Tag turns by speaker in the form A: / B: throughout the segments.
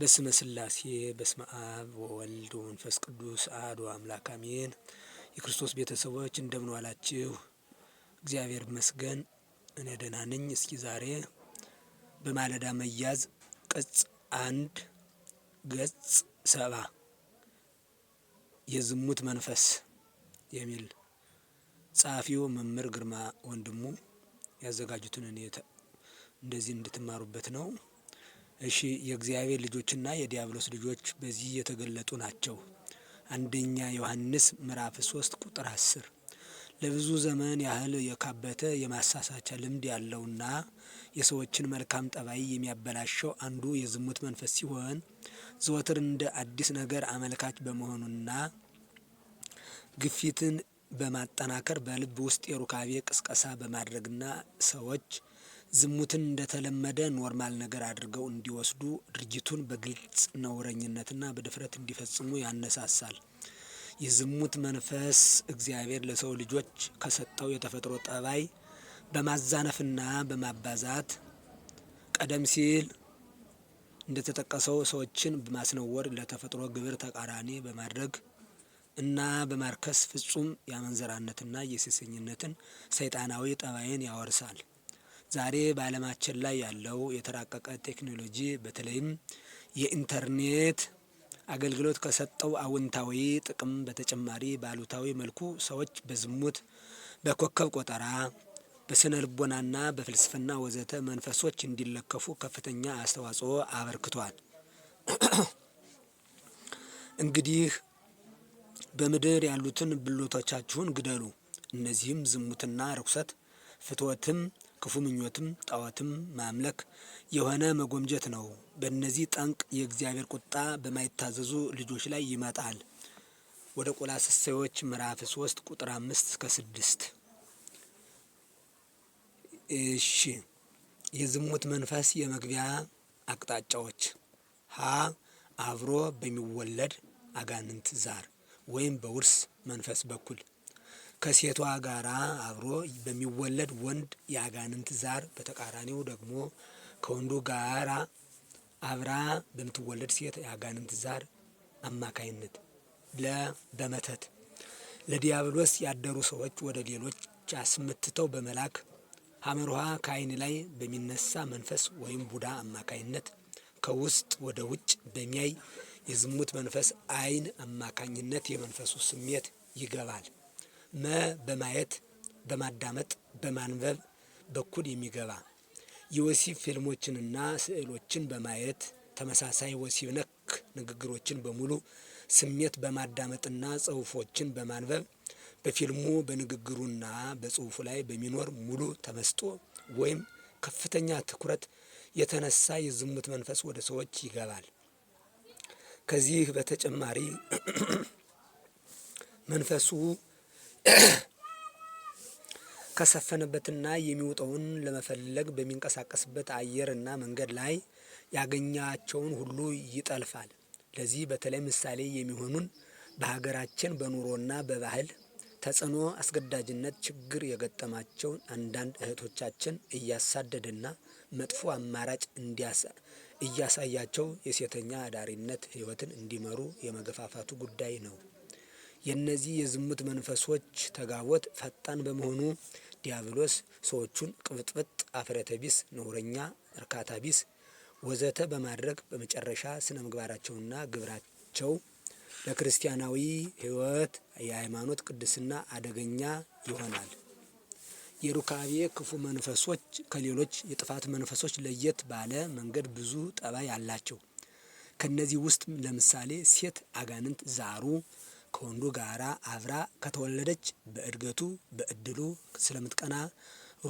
A: በስመ ስላሴ በስመ አብ ወወልድ ወመንፈስ ቅዱስ አሐዱ አምላክ አሜን። የክርስቶስ ቤተሰቦች እንደምን ዋላችሁ? እግዚአብሔር ይመስገን እኔ ደህና ነኝ። እስኪ ዛሬ በማለዳ መያዝ ቅጽ አንድ ገጽ ሰባ የዝሙት መንፈስ የሚል ጸሐፊው መምህር ግርማ ወንድሙ ያዘጋጁትን እኔ እንደዚህ እንድትማሩበት ነው። እሺ የእግዚአብሔር ልጆችና የዲያብሎስ ልጆች በዚህ የተገለጡ ናቸው። አንደኛ ዮሐንስ ምዕራፍ ሶስት ቁጥር አስር ለብዙ ዘመን ያህል የካበተ የማሳሳቻ ልምድ ያለውና የሰዎችን መልካም ጠባይ የሚያበላሸው አንዱ የዝሙት መንፈስ ሲሆን ዘወትር እንደ አዲስ ነገር አመልካች በመሆኑና ግፊትን በማጠናከር በልብ ውስጥ የሩካቤ ቅስቀሳ በማድረግና ሰዎች ዝሙትን እንደተለመደ ኖርማል ነገር አድርገው እንዲወስዱ ድርጅቱን በግልጽ ነውረኝነትና በድፍረት እንዲፈጽሙ ያነሳሳል። የዝሙት መንፈስ እግዚአብሔር ለሰው ልጆች ከሰጠው የተፈጥሮ ጠባይ በማዛነፍና በማባዛት ቀደም ሲል እንደተጠቀሰው ሰዎችን በማስነወር ለተፈጥሮ ግብር ተቃራኒ በማድረግ እና በማርከስ ፍጹም የመንዘራነትና የሴሰኝነትን ሰይጣናዊ ጠባይን ያወርሳል። ዛሬ በአለማችን ላይ ያለው የተራቀቀ ቴክኖሎጂ በተለይም የኢንተርኔት አገልግሎት ከሰጠው አውንታዊ ጥቅም በተጨማሪ በአሉታዊ መልኩ ሰዎች በዝሙት፣ በኮከብ ቆጠራ፣ በስነ ልቦናና በፍልስፍና ወዘተ መንፈሶች እንዲለከፉ ከፍተኛ አስተዋጽኦ አበርክቷል። እንግዲህ በምድር ያሉትን ብልቶቻችሁን ግደሉ፣ እነዚህም ዝሙትና ርኩሰት፣ ፍትወትም ክፉ ምኞትም ጣዖትም ማምለክ የሆነ መጎምጀት ነው። በእነዚህ ጠንቅ የእግዚአብሔር ቁጣ በማይታዘዙ ልጆች ላይ ይመጣል። ወደ ቆላስሴዎች ምዕራፍ 3 ቁጥር 5 እስከ 6 እሺ የዝሙት መንፈስ የመግቢያ አቅጣጫዎች ሀ አብሮ በሚወለድ አጋንንት ዛር ወይም በውርስ መንፈስ በኩል ከሴቷ ጋር አብሮ በሚወለድ ወንድ የአጋንንት ዛር በተቃራኒው ደግሞ ከወንዱ ጋራ አብራ በምትወለድ ሴት የአጋንንት ዛር አማካይነት በመተት ለዲያብሎስ ያደሩ ሰዎች ወደ ሌሎች አስምትተው በመላክ ሀመርሃ ከአይን ላይ በሚነሳ መንፈስ ወይም ቡዳ አማካይነት ከውስጥ ወደ ውጭ በሚያይ የዝሙት መንፈስ አይን አማካኝነት የመንፈሱ ስሜት ይገባል። መ በማየት በማዳመጥ በማንበብ በኩል የሚገባ የወሲብ ፊልሞችንና ስዕሎችን በማየት ተመሳሳይ ወሲብ ነክ ንግግሮችን በሙሉ ስሜት በማዳመጥና ጽሁፎችን በማንበብ በፊልሙ በንግግሩና በጽሁፉ ላይ በሚኖር ሙሉ ተመስጦ ወይም ከፍተኛ ትኩረት የተነሳ የዝሙት መንፈስ ወደ ሰዎች ይገባል። ከዚህ በተጨማሪ መንፈሱ ከሰፈነበትና የሚወጣውን ለመፈለግ በሚንቀሳቀስበት አየርና መንገድ ላይ ያገኛቸውን ሁሉ ይጠልፋል። ለዚህ በተለይ ምሳሌ የሚሆኑን በሀገራችን በኑሮና በባህል ተጽዕኖ አስገዳጅነት ችግር የገጠማቸው አንዳንድ እህቶቻችን እያሳደደና መጥፎ አማራጭ እያሳያቸው የሴተኛ አዳሪነት ህይወትን እንዲመሩ የመገፋፋቱ ጉዳይ ነው። የእነዚህ የዝሙት መንፈሶች ተጋቦት ፈጣን በመሆኑ ዲያብሎስ ሰዎቹን ቅብጥብጥ፣ አፍረተ ቢስ፣ ነውረኛ፣ እርካታ ቢስ ወዘተ በማድረግ በመጨረሻ ስነ ምግባራቸውና ግብራቸው ለክርስቲያናዊ ሕይወት የሃይማኖት ቅድስና አደገኛ ይሆናል። የሩካቤ ክፉ መንፈሶች ከሌሎች የጥፋት መንፈሶች ለየት ባለ መንገድ ብዙ ጠባይ አላቸው። ከነዚህ ውስጥ ለምሳሌ ሴት አጋንንት ዛሩ ከወንዱ ጋራ አብራ ከተወለደች በእድገቱ በእድሉ ስለምትቀና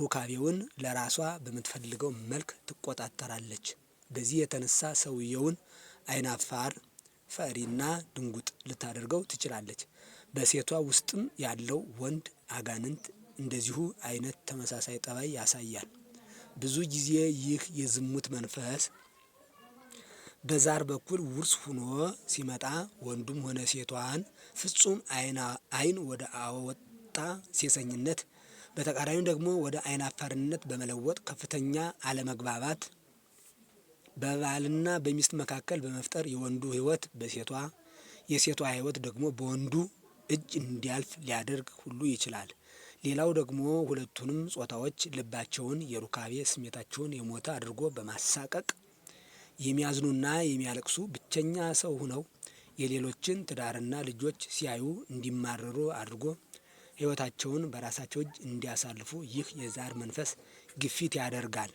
A: ሩካቤውን ለራሷ በምትፈልገው መልክ ትቆጣጠራለች። በዚህ የተነሳ ሰውየውን አይናፋር ፈሪና ድንጉጥ ልታደርገው ትችላለች። በሴቷ ውስጥም ያለው ወንድ አጋንንት እንደዚሁ አይነት ተመሳሳይ ጠባይ ያሳያል። ብዙ ጊዜ ይህ የዝሙት መንፈስ በዛር በኩል ውርስ ሆኖ ሲመጣ ወንዱም ሆነ ሴቷን ፍጹም አይን ወደ አወጣ ሴሰኝነት በተቃራኒው ደግሞ ወደ አይን አፋርነት በመለወጥ ከፍተኛ አለመግባባት በባልና በሚስት መካከል በመፍጠር የወንዱ ህይወት በሴቷ የሴቷ ህይወት ደግሞ በወንዱ እጅ እንዲያልፍ ሊያደርግ ሁሉ ይችላል። ሌላው ደግሞ ሁለቱንም ጾታዎች ልባቸውን የሩካቤ ስሜታቸውን የሞተ አድርጎ በማሳቀቅ የሚያዝኑና የሚያለቅሱ ብቸኛ ሰው ሆነው የሌሎችን ትዳርና ልጆች ሲያዩ እንዲማረሩ አድርጎ ህይወታቸውን በራሳቸው እጅ እንዲያሳልፉ ይህ የዛር መንፈስ ግፊት ያደርጋል።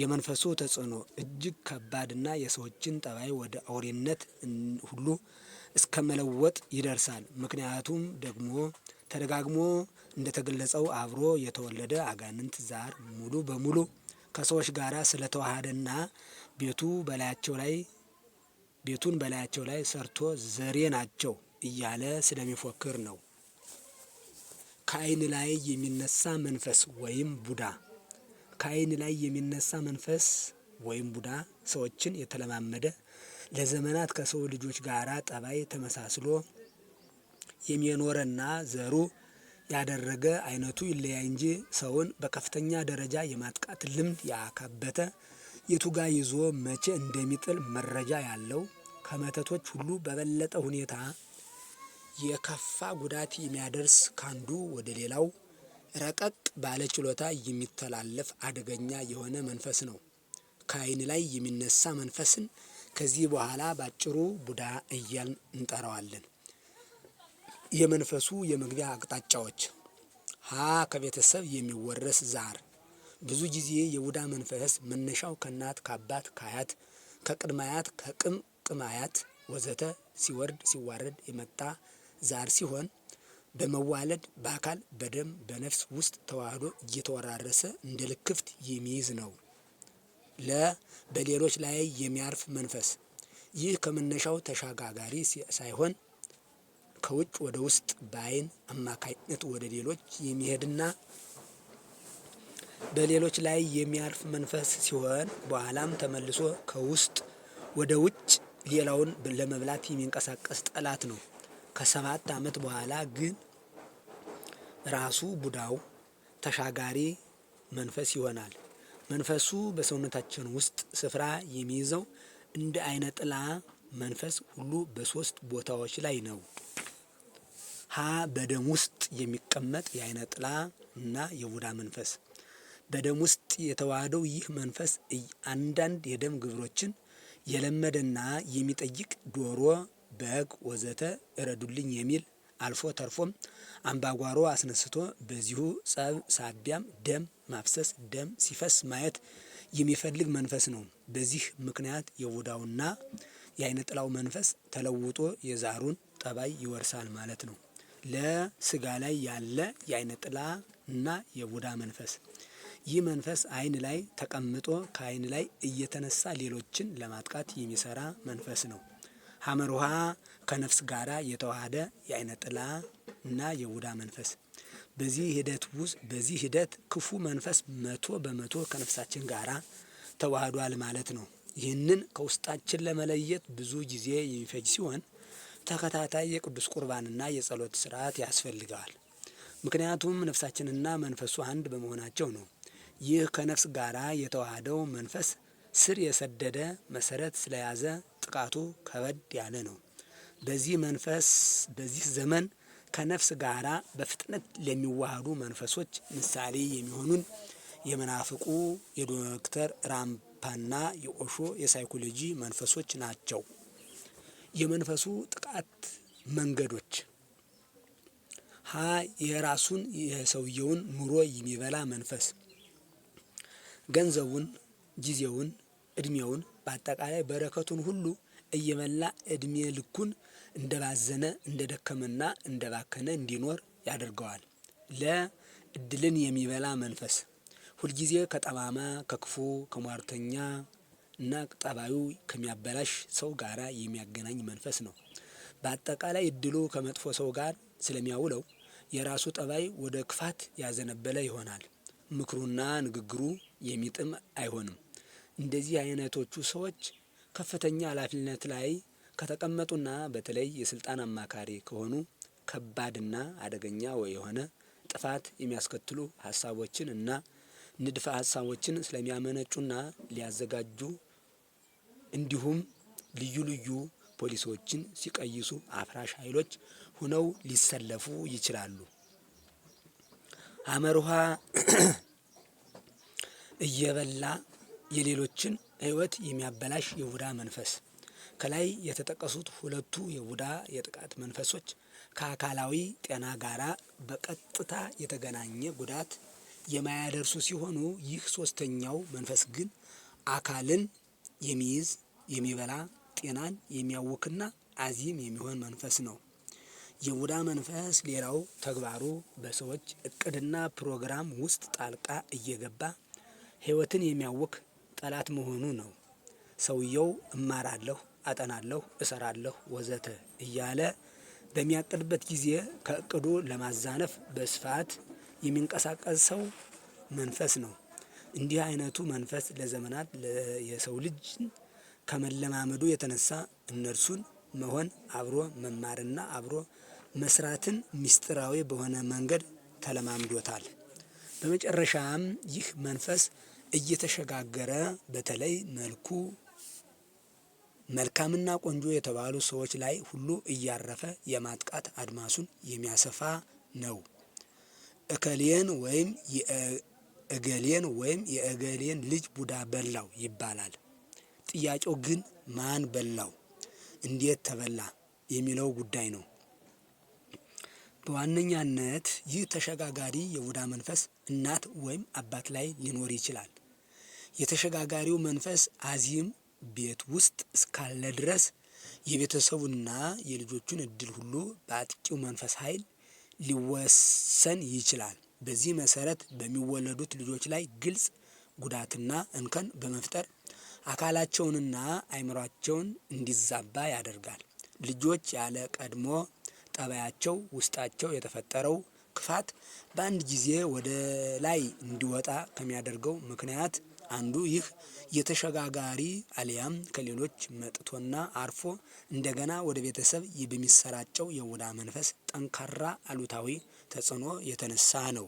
A: የመንፈሱ ተጽዕኖ እጅግ ከባድና የሰዎችን ጠባይ ወደ አውሬነት ሁሉ እስከመለወጥ ይደርሳል። ምክንያቱም ደግሞ ተደጋግሞ እንደተገለጸው አብሮ የተወለደ አጋንንት ዛር ሙሉ በሙሉ ከሰዎች ጋራ ስለተዋሃደና ቤቱ በላያቸው ላይ ቤቱን በላያቸው ላይ ሰርቶ ዘሬ ናቸው እያለ ስለሚፎክር ነው። ከአይን ላይ የሚነሳ መንፈስ ወይም ቡዳ ከአይን ላይ የሚነሳ መንፈስ ወይም ቡዳ ሰዎችን የተለማመደ ለዘመናት ከሰው ልጆች ጋራ ጠባይ ተመሳስሎ የሚኖረና ዘሩ ያደረገ አይነቱ ይለያይ እንጂ ሰውን በከፍተኛ ደረጃ የማጥቃት ልምድ ያካበተ የቱጋ ይዞ መቼ እንደሚጥል መረጃ ያለው ከመተቶች ሁሉ በበለጠ ሁኔታ የከፋ ጉዳት የሚያደርስ ከአንዱ ወደ ሌላው ረቀቅ ባለ ችሎታ የሚተላለፍ አደገኛ የሆነ መንፈስ ነው። ከአይን ላይ የሚነሳ መንፈስን ከዚህ በኋላ ባጭሩ ቡዳ እያል እንጠራዋለን። የመንፈሱ የመግቢያ አቅጣጫዎች ሀ ከቤተሰብ የሚወረስ ዛር ብዙ ጊዜ የቡዳ መንፈስ መነሻው ከእናት ከአባት ከአያት ከቅድማያት ከቅም ቅማያት አያት ወዘተ ሲወርድ ሲዋረድ የመጣ ዛር ሲሆን በመዋለድ በአካል በደም በነፍስ ውስጥ ተዋህዶ እየተወራረሰ እንደ ልክፍት የሚይዝ ነው። ለ በሌሎች ላይ የሚያርፍ መንፈስ ይህ ከመነሻው ተሻጋጋሪ ሳይሆን ከውጭ ወደ ውስጥ በአይን አማካኝነት ወደ ሌሎች የሚሄድና በሌሎች ላይ የሚያርፍ መንፈስ ሲሆን በኋላም ተመልሶ ከውስጥ ወደ ውጭ ሌላውን ለመብላት የሚንቀሳቀስ ጠላት ነው። ከሰባት ዓመት በኋላ ግን ራሱ ቡዳው ተሻጋሪ መንፈስ ይሆናል። መንፈሱ በሰውነታችን ውስጥ ስፍራ የሚይዘው እንደ አይነ ጥላ መንፈስ ሁሉ በሶስት ቦታዎች ላይ ነው። በደም ውስጥ የሚቀመጥ የአይነ ጥላ እና የቡዳ መንፈስ በደም ውስጥ የተዋሃደው ይህ መንፈስ አንዳንድ የደም ግብሮችን የለመደና የሚጠይቅ ዶሮ፣ በግ ወዘተ እረዱልኝ የሚል አልፎ ተርፎም አምባጓሮ አስነስቶ በዚሁ ጸብ ሳቢያም ደም ማፍሰስ ደም ሲፈስ ማየት የሚፈልግ መንፈስ ነው። በዚህ ምክንያት የቡዳውና የአይነ ጥላው መንፈስ ተለውጦ የዛሩን ጠባይ ይወርሳል ማለት ነው። ለስጋ ላይ ያለ የአይነ ጥላ እና የቡዳ መንፈስ ይህ መንፈስ አይን ላይ ተቀምጦ ከአይን ላይ እየተነሳ ሌሎችን ለማጥቃት የሚሰራ መንፈስ ነው። ሐመር ውሃ ከነፍስ ጋራ የተዋሃደ የአይነ ጥላ እና የቡዳ መንፈስ በዚህ ሂደት ውስጥ በዚህ ሂደት ክፉ መንፈስ መቶ በመቶ ከነፍሳችን ጋራ ተዋህዷል ማለት ነው። ይህንን ከውስጣችን ለመለየት ብዙ ጊዜ የሚፈጅ ሲሆን ተከታታይ የቅዱስ ቁርባንና የጸሎት ስርዓት ያስፈልገዋል። ምክንያቱም ነፍሳችንና መንፈሱ አንድ በመሆናቸው ነው። ይህ ከነፍስ ጋራ የተዋሃደው መንፈስ ስር የሰደደ መሰረት ስለያዘ ጥቃቱ ከበድ ያለ ነው። በዚህ መንፈስ በዚህ ዘመን ከነፍስ ጋር በፍጥነት ለሚዋሃዱ መንፈሶች ምሳሌ የሚሆኑን የመናፍቁ የዶክተር ራምፓና የኦሾ የሳይኮሎጂ መንፈሶች ናቸው። የመንፈሱ ጥቃት መንገዶች ሀ የራሱን የሰውየውን ኑሮ የሚበላ መንፈስ ገንዘቡን፣ ጊዜውን፣ እድሜውን በአጠቃላይ በረከቱን ሁሉ እየመላ እድሜ ልኩን እንደባዘነ እንደደከመና እንደባከነ እንዲኖር ያደርገዋል። ለ እድልን የሚበላ መንፈስ ሁልጊዜ ከጠማማ፣ ከክፉ፣ ከሟርተኛ እና ጠባዩ ከሚያበላሽ ሰው ጋር የሚያገናኝ መንፈስ ነው። በአጠቃላይ እድሉ ከመጥፎ ሰው ጋር ስለሚያውለው የራሱ ጠባይ ወደ ክፋት ያዘነበለ ይሆናል። ምክሩና ንግግሩ የሚጥም አይሆንም። እንደዚህ አይነቶቹ ሰዎች ከፍተኛ ኃላፊነት ላይ ከተቀመጡና በተለይ የስልጣን አማካሪ ከሆኑ ከባድና አደገኛ የሆነ ጥፋት የሚያስከትሉ ሀሳቦችን እና ንድፈ ሀሳቦችን ስለሚያመነጩና ሊያዘጋጁ እንዲሁም ልዩ ልዩ ፖሊሶችን ሲቀይሱ አፍራሽ ኃይሎች ሆነው ሊሰለፉ ይችላሉ። አመርሃ እየበላ የሌሎችን ህይወት የሚያበላሽ የቡዳ መንፈስ ከላይ የተጠቀሱት ሁለቱ የቡዳ የጥቃት መንፈሶች ከአካላዊ ጤና ጋራ በቀጥታ የተገናኘ ጉዳት የማያደርሱ ሲሆኑ ይህ ሶስተኛው መንፈስ ግን አካልን የሚይዝ የሚበላ ጤናን የሚያውክና አዚም የሚሆን መንፈስ ነው። የቡዳ መንፈስ ሌላው ተግባሩ በሰዎች እቅድና ፕሮግራም ውስጥ ጣልቃ እየገባ ህይወትን የሚያውክ ጠላት መሆኑ ነው። ሰውየው እማራለሁ አጠናለሁ እሰራለሁ ወዘተ እያለ በሚያቅድበት ጊዜ ከእቅዱ ለማዛነፍ በስፋት የሚንቀሳቀስ ሰው መንፈስ ነው እንዲህ አይነቱ መንፈስ ለዘመናት የሰው ልጅ ከመለማመዱ የተነሳ እነርሱን መሆን አብሮ መማርና አብሮ መስራትን ምስጢራዊ በሆነ መንገድ ተለማምዶታል። በመጨረሻም ይህ መንፈስ እየተሸጋገረ በተለይ መልኩ መልካምና ቆንጆ የተባሉ ሰዎች ላይ ሁሉ እያረፈ የማጥቃት አድማሱን የሚያሰፋ ነው። እከሌን ወይም እገሌን ወይም የእገሌን ልጅ ቡዳ በላው ይባላል። ጥያቄው ግን ማን በላው፣ እንዴት ተበላ የሚለው ጉዳይ ነው። በዋነኛነት ይህ ተሸጋጋሪ የቡዳ መንፈስ እናት ወይም አባት ላይ ሊኖር ይችላል። የተሸጋጋሪው መንፈስ አዚም ቤት ውስጥ እስካለ ድረስ የቤተሰቡና የልጆቹን እድል ሁሉ በአጥቂው መንፈስ ኃይል ሊወሰን ይችላል። በዚህ መሰረት በሚወለዱት ልጆች ላይ ግልጽ ጉዳትና እንከን በመፍጠር አካላቸውንና አይምሯቸውን እንዲዛባ ያደርጋል። ልጆች ያለ ቀድሞ ጠባያቸው ውስጣቸው የተፈጠረው ክፋት በአንድ ጊዜ ወደ ላይ እንዲወጣ ከሚያደርገው ምክንያት አንዱ ይህ የተሸጋጋሪ አሊያም ከሌሎች መጥቶና አርፎ እንደገና ወደ ቤተሰብ በሚሰራጨው የቡዳ መንፈስ ጠንካራ አሉታዊ ተጽዕኖ የተነሳ ነው።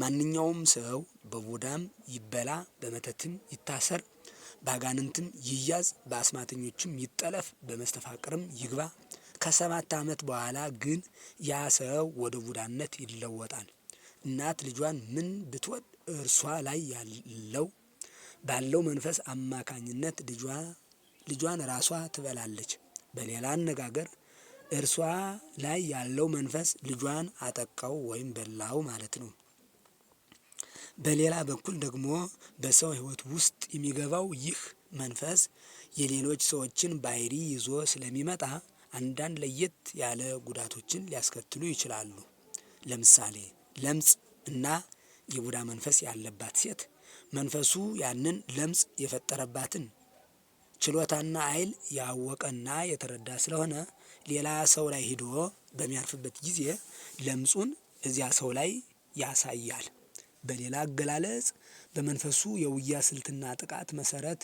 A: ማንኛውም ሰው በቡዳም ይበላ፣ በመተትም ይታሰር፣ በአጋንንትም ይያዝ፣ በአስማተኞችም ይጠለፍ፣ በመስተፋቅርም ይግባ። ከሰባት ዓመት በኋላ ግን ያ ሰው ወደ ቡዳነት ይለወጣል። እናት ልጇን ምን ብትወድ እርሷ ላይ ያለው ባለው መንፈስ አማካኝነት ልጇን ራሷ ትበላለች። በሌላ አነጋገር እርሷ ላይ ያለው መንፈስ ልጇን አጠቃው ወይም በላው ማለት ነው። በሌላ በኩል ደግሞ በሰው ህይወት ውስጥ የሚገባው ይህ መንፈስ የሌሎች ሰዎችን ባህሪ ይዞ ስለሚመጣ አንዳንድ ለየት ያለ ጉዳቶችን ሊያስከትሉ ይችላሉ። ለምሳሌ ለምጽ እና የቡዳ መንፈስ ያለባት ሴት መንፈሱ ያንን ለምጽ የፈጠረባትን ችሎታና ኃይል ያወቀና የተረዳ ስለሆነ ሌላ ሰው ላይ ሄዶ በሚያርፍበት ጊዜ ለምጹን እዚያ ሰው ላይ ያሳያል። በሌላ አገላለጽ በመንፈሱ የውያ ስልትና ጥቃት መሰረት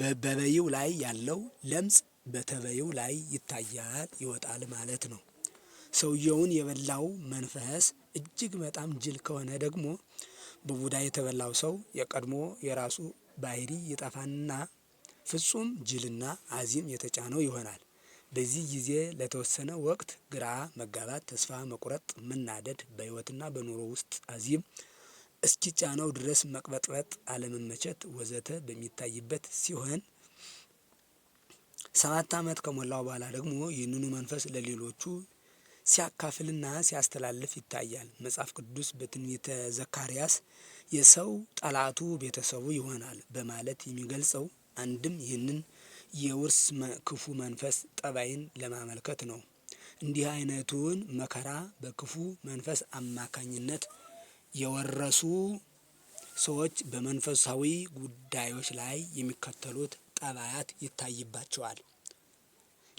A: በበበይው ላይ ያለው ለምጽ በተበይው ላይ ይታያል ይወጣል ማለት ነው። ሰውየውን የበላው መንፈስ እጅግ በጣም ጅል ከሆነ ደግሞ በቡዳ የተበላው ሰው የቀድሞ የራሱ ባህሪ ይጠፋና ፍጹም ጅልና አዚም የተጫነው ይሆናል። በዚህ ጊዜ ለተወሰነ ወቅት ግራ መጋባት ተስፋ መቁረጥ መናደድ በህይወትና በኑሮ ውስጥ አዚም እስኪጫነው ድረስ መቅበጥበጥ አለመመቸት ወዘተ በሚታይበት ሲሆን ሰባት አመት ከሞላው በኋላ ደግሞ ይህንኑ መንፈስ ለሌሎቹ ሲያካፍልና ሲያስተላልፍ ይታያል። መጽሐፍ ቅዱስ በትንቢተ ዘካርያስ የሰው ጠላቱ ቤተሰቡ ይሆናል በማለት የሚገልጸው አንድም ይህንን የውርስ ክፉ መንፈስ ጠባይን ለማመልከት ነው። እንዲህ አይነቱን መከራ በክፉ መንፈስ አማካኝነት የወረሱ ሰዎች በመንፈሳዊ ጉዳዮች ላይ የሚከተሉት ጠባያት ይታይባቸዋል።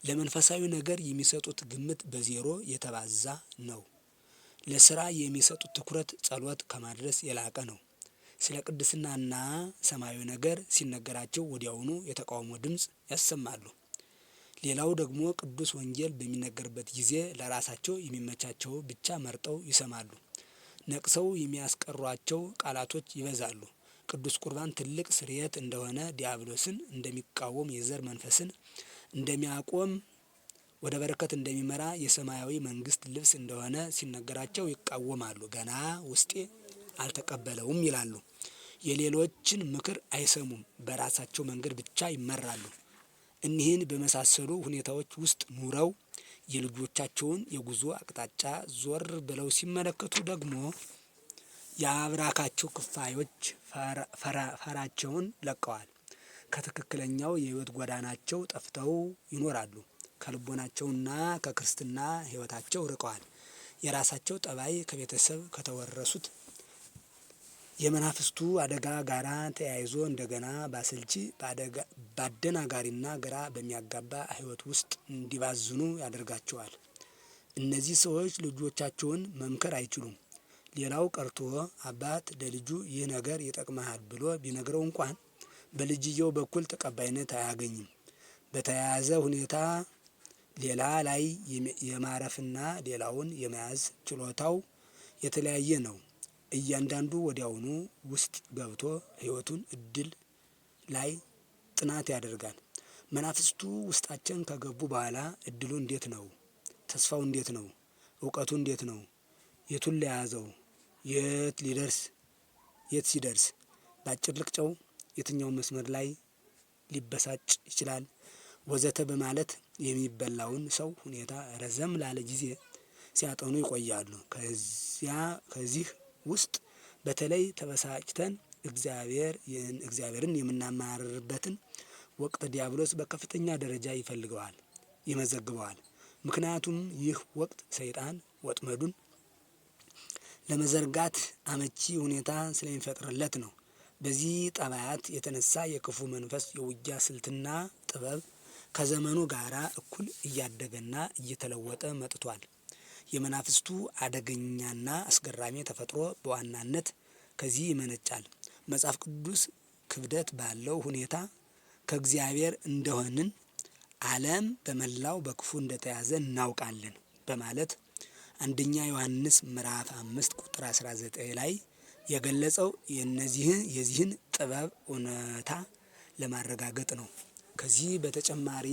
A: ለመንፈሳዊ ነገር የሚሰጡት ግምት በዜሮ የተባዛ ነው። ለስራ የሚሰጡት ትኩረት ጸሎት ከማድረስ የላቀ ነው ስለ ቅድስናና ሰማያዊ ነገር ሲነገራቸው ወዲያውኑ የተቃውሞ ድምፅ ያሰማሉ። ሌላው ደግሞ ቅዱስ ወንጌል በሚነገርበት ጊዜ ለራሳቸው የሚመቻቸው ብቻ መርጠው ይሰማሉ። ነቅሰው የሚያስቀሯቸው ቃላቶች ይበዛሉ። ቅዱስ ቁርባን ትልቅ ስርየት እንደሆነ፣ ዲያብሎስን እንደሚቃወም፣ የዘር መንፈስን እንደሚያቆም፣ ወደ በረከት እንደሚመራ፣ የሰማያዊ መንግስት ልብስ እንደሆነ ሲነገራቸው ይቃወማሉ። ገና ውስጤ አልተቀበለውም ይላሉ። የሌሎችን ምክር አይሰሙም በራሳቸው መንገድ ብቻ ይመራሉ። እኒህን በመሳሰሉ ሁኔታዎች ውስጥ ኑረው የልጆቻቸውን የጉዞ አቅጣጫ ዞር ብለው ሲመለከቱ ደግሞ የአብራካቸው ክፋዮች ፈራቸውን ለቀዋል ከትክክለኛው የህይወት ጎዳናቸው ጠፍተው ይኖራሉ ከልቦናቸውና ከክርስትና ህይወታቸው ርቀዋል። የራሳቸው ጠባይ ከቤተሰብ ከተወረሱት የመናፍስቱ አደጋ ጋራ ተያይዞ እንደገና ባሰልቺ በአደናጋሪና ግራ በሚያጋባ ህይወት ውስጥ እንዲባዝኑ ያደርጋቸዋል። እነዚህ ሰዎች ልጆቻቸውን መምከር አይችሉም። ሌላው ቀርቶ አባት ለልጁ ይህ ነገር ይጠቅመሃል ብሎ ቢነግረው እንኳን በልጅየው በኩል ተቀባይነት አያገኝም። በተያያዘ ሁኔታ ሌላ ላይ የማረፍና ሌላውን የመያዝ ችሎታው የተለያየ ነው። እያንዳንዱ ወዲያውኑ ውስጥ ገብቶ ህይወቱን እድል ላይ ጥናት ያደርጋል። መናፍስቱ ውስጣችን ከገቡ በኋላ እድሉ እንዴት ነው? ተስፋው እንዴት ነው? እውቀቱ እንዴት ነው? የቱን ለያዘው? የት ሊደርስ የት ሲደርስ በአጭር ልቅጨው የትኛውን መስመር ላይ ሊበሳጭ ይችላል? ወዘተ በማለት የሚበላውን ሰው ሁኔታ ረዘም ላለ ጊዜ ሲያጠኑ ይቆያሉ። ከዚያ ከዚህ ውስጥ በተለይ ተበሳጭተን እግዚአብሔር እግዚአብሔርን የምናማርርበትን ወቅት ዲያብሎስ በከፍተኛ ደረጃ ይፈልገዋል ይመዘግበዋል። ምክንያቱም ይህ ወቅት ሰይጣን ወጥመዱን ለመዘርጋት አመቺ ሁኔታ ስለሚፈጥርለት ነው። በዚህ ጠባያት የተነሳ የክፉ መንፈስ የውጊያ ስልትና ጥበብ ከዘመኑ ጋራ እኩል እያደገና እየተለወጠ መጥቷል። የመናፍስቱ አደገኛና አስገራሚ ተፈጥሮ በዋናነት ከዚህ ይመነጫል። መጽሐፍ ቅዱስ ክብደት ባለው ሁኔታ ከእግዚአብሔር እንደሆንን ዓለም በመላው በክፉ እንደተያዘ እናውቃለን በማለት አንደኛ ዮሐንስ ምዕራፍ አምስት ቁጥር 19 ላይ የገለጸው የነዚህ የዚህን ጥበብ እውነታ ለማረጋገጥ ነው። ከዚህ በተጨማሪ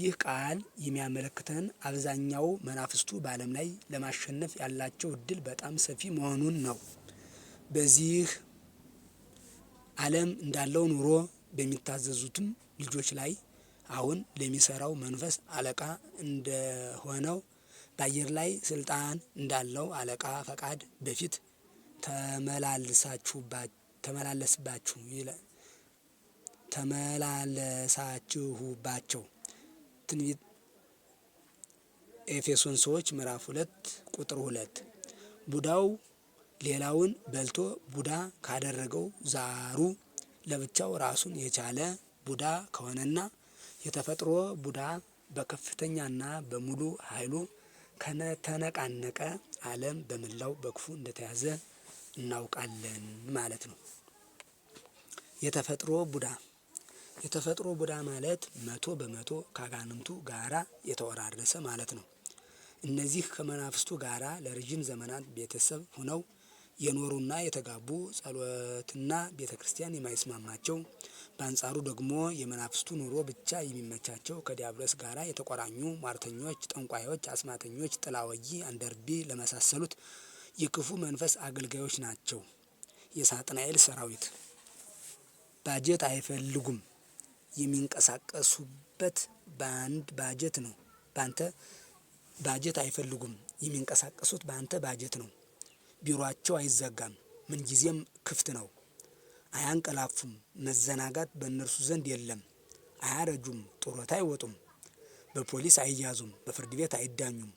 A: ይህ ቃል የሚያመለክተን አብዛኛው መናፍስቱ በዓለም ላይ ለማሸነፍ ያላቸው እድል በጣም ሰፊ መሆኑን ነው። በዚህ ዓለም እንዳለው ኑሮ በሚታዘዙትም ልጆች ላይ አሁን ለሚሰራው መንፈስ አለቃ እንደሆነው በአየር ላይ ስልጣን እንዳለው አለቃ ፈቃድ በፊት ተመላለስባችሁ ተመላለሳችሁባቸው ትንቢት ኤፌሶን ሰዎች ምዕራፍ ሁለት ቁጥር ሁለት ቡዳው ሌላውን በልቶ ቡዳ ካደረገው ዛሩ ለብቻው ራሱን የቻለ ቡዳ ከሆነና የተፈጥሮ ቡዳ በከፍተኛና በሙሉ ኃይሉ ከተነቃነቀ ዓለም በመላው በክፉ እንደተያዘ እናውቃለን ማለት ነው። የተፈጥሮ ቡዳ የተፈጥሮ ቡዳ ማለት መቶ በመቶ ከአጋንንቱ ጋራ የተወራረሰ ማለት ነው። እነዚህ ከመናፍስቱ ጋራ ለረጅም ዘመናት ቤተሰብ ሆነው የኖሩና የተጋቡ ጸሎትና ቤተ ክርስቲያን የማይስማማቸው በአንጻሩ ደግሞ የመናፍስቱ ኑሮ ብቻ የሚመቻቸው ከዲያብሎስ ጋራ የተቆራኙ ሟርተኞች፣ ጠንቋዮች፣ አስማተኞች፣ ጥላወጊ፣ አንደርቢ ለመሳሰሉት የክፉ መንፈስ አገልጋዮች ናቸው። የሳጥናኤል ሰራዊት ባጀት አይፈልጉም። የሚንቀሳቀሱበት በአንድ ባጀት ነው። በአንተ ባጀት አይፈልጉም የሚንቀሳቀሱት በአንተ ባጀት ነው። ቢሮአቸው አይዘጋም ምን ጊዜም ክፍት ነው። አያንቀላፉም መዘናጋት በእነርሱ ዘንድ የለም። አያረጁም ጡረታ አይወጡም። በፖሊስ አይያዙም በፍርድ ቤት አይዳኙም።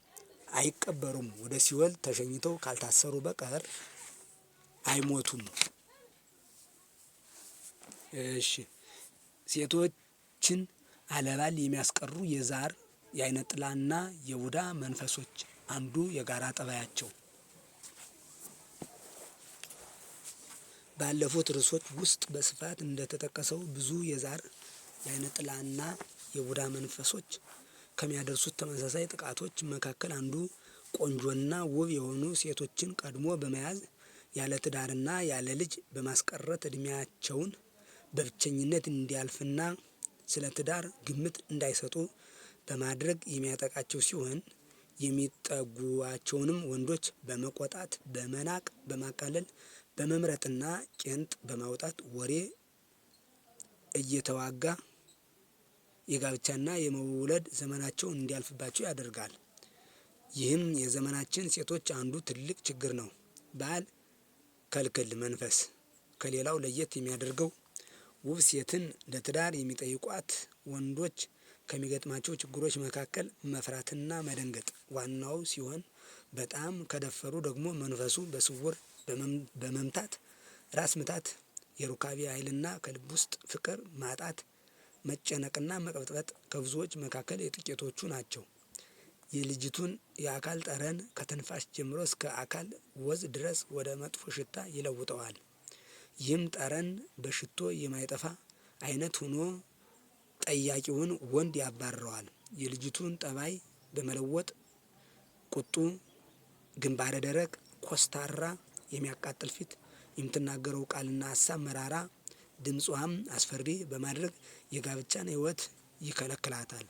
A: አይቀበሩም ወደ ሲወል ተሸኝተው ካልታሰሩ በቀር አይሞቱም። እሺ ሴቶችን አለባል የሚያስቀሩ የዛር የአይነ ጥላና የቡዳ መንፈሶች አንዱ የጋራ ጠባያቸው። ባለፉት ርዕሶች ውስጥ በስፋት እንደተጠቀሰው ብዙ የዛር የአይነ ጥላና የቡዳ መንፈሶች ከሚያደርሱት ተመሳሳይ ጥቃቶች መካከል አንዱ ቆንጆና ውብ የሆኑ ሴቶችን ቀድሞ በመያዝ ያለ ትዳርና ያለ ልጅ በማስቀረት እድሜያቸውን በብቸኝነት እንዲያልፍና ስለ ትዳር ግምት እንዳይሰጡ በማድረግ የሚያጠቃቸው ሲሆን የሚጠጉዋቸውንም ወንዶች በመቆጣት በመናቅ በማቃለል በመምረጥና ቄንጥ በማውጣት ወሬ እየተዋጋ የጋብቻና የመውለድ ዘመናቸው እንዲያልፍባቸው ያደርጋል። ይህም የዘመናችን ሴቶች አንዱ ትልቅ ችግር ነው። ባል ከልክል መንፈስ ከሌላው ለየት የሚያደርገው ውብ ሴትን ለትዳር የሚጠይቋት ወንዶች ከሚገጥማቸው ችግሮች መካከል መፍራትና መደንገጥ ዋናው ሲሆን በጣም ከደፈሩ ደግሞ መንፈሱ በስውር በመምታት ራስ ምታት የሩካቤ ኃይልና ከልብ ውስጥ ፍቅር ማጣት መጨነቅና መቀብጠጥ ከብዙዎች መካከል የጥቂቶቹ ናቸው። የልጅቱን የአካል ጠረን ከትንፋሽ ጀምሮ እስከ አካል ወዝ ድረስ ወደ መጥፎ ሽታ ይለውጠዋል ይህም ጠረን በሽቶ የማይጠፋ አይነት ሆኖ ጠያቂውን ወንድ ያባርረዋል። የልጅቱን ጠባይ በመለወጥ ቁጡ፣ ግንባረ ደረቅ፣ ኮስታራ፣ የሚያቃጥል ፊት፣ የምትናገረው ቃልና ሀሳብ መራራ፣ ድምጿም አስፈሪ በማድረግ የጋብቻን ህይወት ይከለክላታል።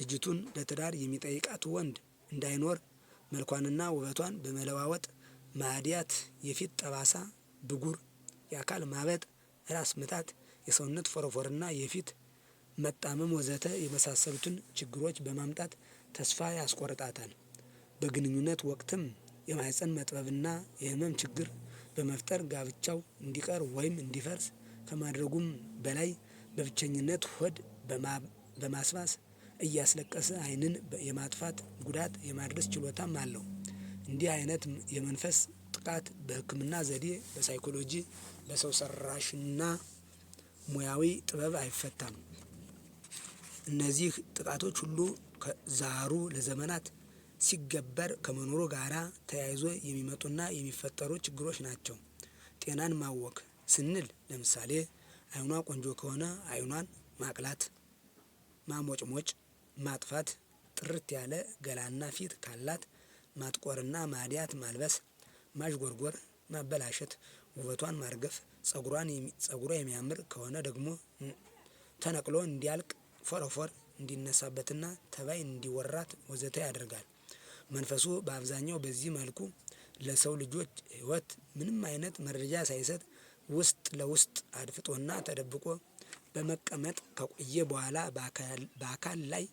A: ልጅቱን ለትዳር የሚጠይቃት ወንድ እንዳይኖር መልኳንና ውበቷን በመለዋወጥ ማዕድያት፣ የፊት ጠባሳ፣ ብጉር የአካል ማበጥ፣ ራስ ምታት፣ የሰውነት ፎረፎርና የፊት መጣመም ወዘተ የመሳሰሉትን ችግሮች በማምጣት ተስፋ ያስቆርጣታል። በግንኙነት ወቅትም የማህፀን መጥበብና የህመም ችግር በመፍጠር ጋብቻው እንዲቀር ወይም እንዲፈርስ ከማድረጉም በላይ በብቸኝነት ሆድ በማስባስ እያስለቀሰ አይንን የማጥፋት ጉዳት የማድረስ ችሎታም አለው። እንዲህ አይነት የመንፈስ ጥቃት በህክምና ዘዴ በሳይኮሎጂ በሰው ሰራሽና ሙያዊ ጥበብ አይፈታም። እነዚህ ጥቃቶች ሁሉ ከዛሩ ለዘመናት ሲገበር ከመኖሩ ጋራ ተያይዞ የሚመጡና የሚፈጠሩ ችግሮች ናቸው። ጤናን ማወክ ስንል ለምሳሌ አይኗ ቆንጆ ከሆነ አይኗን ማቅላት፣ ማሞጭሞጭ፣ ማጥፋት፣ ጥርት ያለ ገላና ፊት ካላት ማጥቆርና ማዲያት ማልበስ፣ ማዥጎርጎር፣ ማበላሸት ውበቷን ማርገፍ ፀጉሯን ፀጉሯ የሚያምር ከሆነ ደግሞ ተነቅሎ እንዲያልቅ ፎረፎር እንዲነሳበትና ተባይ እንዲወራት ወዘተ ያደርጋል። መንፈሱ በአብዛኛው በዚህ መልኩ ለሰው ልጆች ህይወት ምንም አይነት መረጃ ሳይሰጥ ውስጥ ለውስጥ አድፍጦና ተደብቆ በመቀመጥ ከቆየ በኋላ በአካል ላይ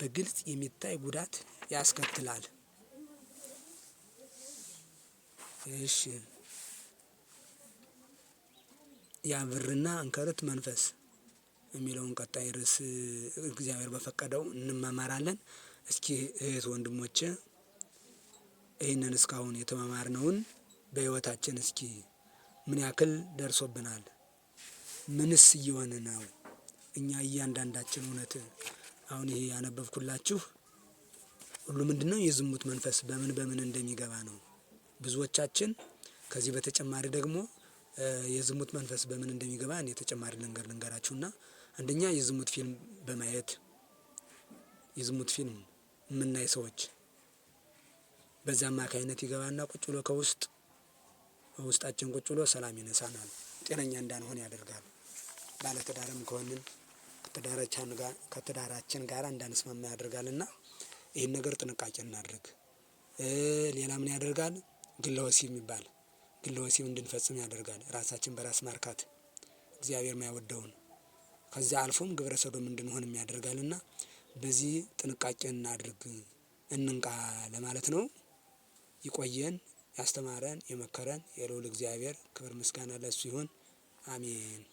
A: በግልጽ የሚታይ ጉዳት ያስከትላል። እሺ የአብርና ብርና እንከርት መንፈስ የሚለውን ቀጣይ ርዕስ እግዚአብሔር በፈቀደው እንማማራለን። እስኪ እህት ወንድሞቼ ይህንን እስካሁን የተማማርነውን በህይወታችን እስኪ ምን ያክል ደርሶብናል? ምንስ እየሆነ ነው? እኛ እያንዳንዳችን እውነት አሁን ይሄ ያነበብኩላችሁ ሁሉ ምንድን ነው የዝሙት መንፈስ በምን በምን እንደሚገባ ነው። ብዙዎቻችን ከዚህ በተጨማሪ ደግሞ የዝሙት መንፈስ በምን እንደሚገባ እኔ ተጨማሪ ልንገር ልንገራችሁና አንደኛ የዝሙት ፊልም በማየት የዝሙት ፊልም የምናይ ሰዎች በዛ አማካይነት ይገባና ቁጭ ብሎ ከውስጥ ውስጣችን ቁጭ ብሎ ሰላም ይነሳናል፣ ጤነኛ እንዳንሆን ያደርጋል። ባለትዳርም ከሆንን ከትዳራችን ጋር እንዳንስማማ ያደርጋል። እና ይህን ነገር ጥንቃቄ እናድርግ። ሌላ ምን ያደርጋል? ግለወሲ ወሲብ የሚባል ግለ ወሲብ እንድንፈጽም ያደርጋል። ራሳችን በራስ ማርካት እግዚአብሔር የማይወደውን ከዚያ አልፎም ግብረ ሰዶም እንድንሆንም ያደርጋልና በዚህ ጥንቃቄ እናድርግ እንንቃ ለማለት ነው። ይቆየን። ያስተማረን የመከረን የልዑል እግዚአብሔር ክብር ምስጋና ለሱ ይሁን። አሜን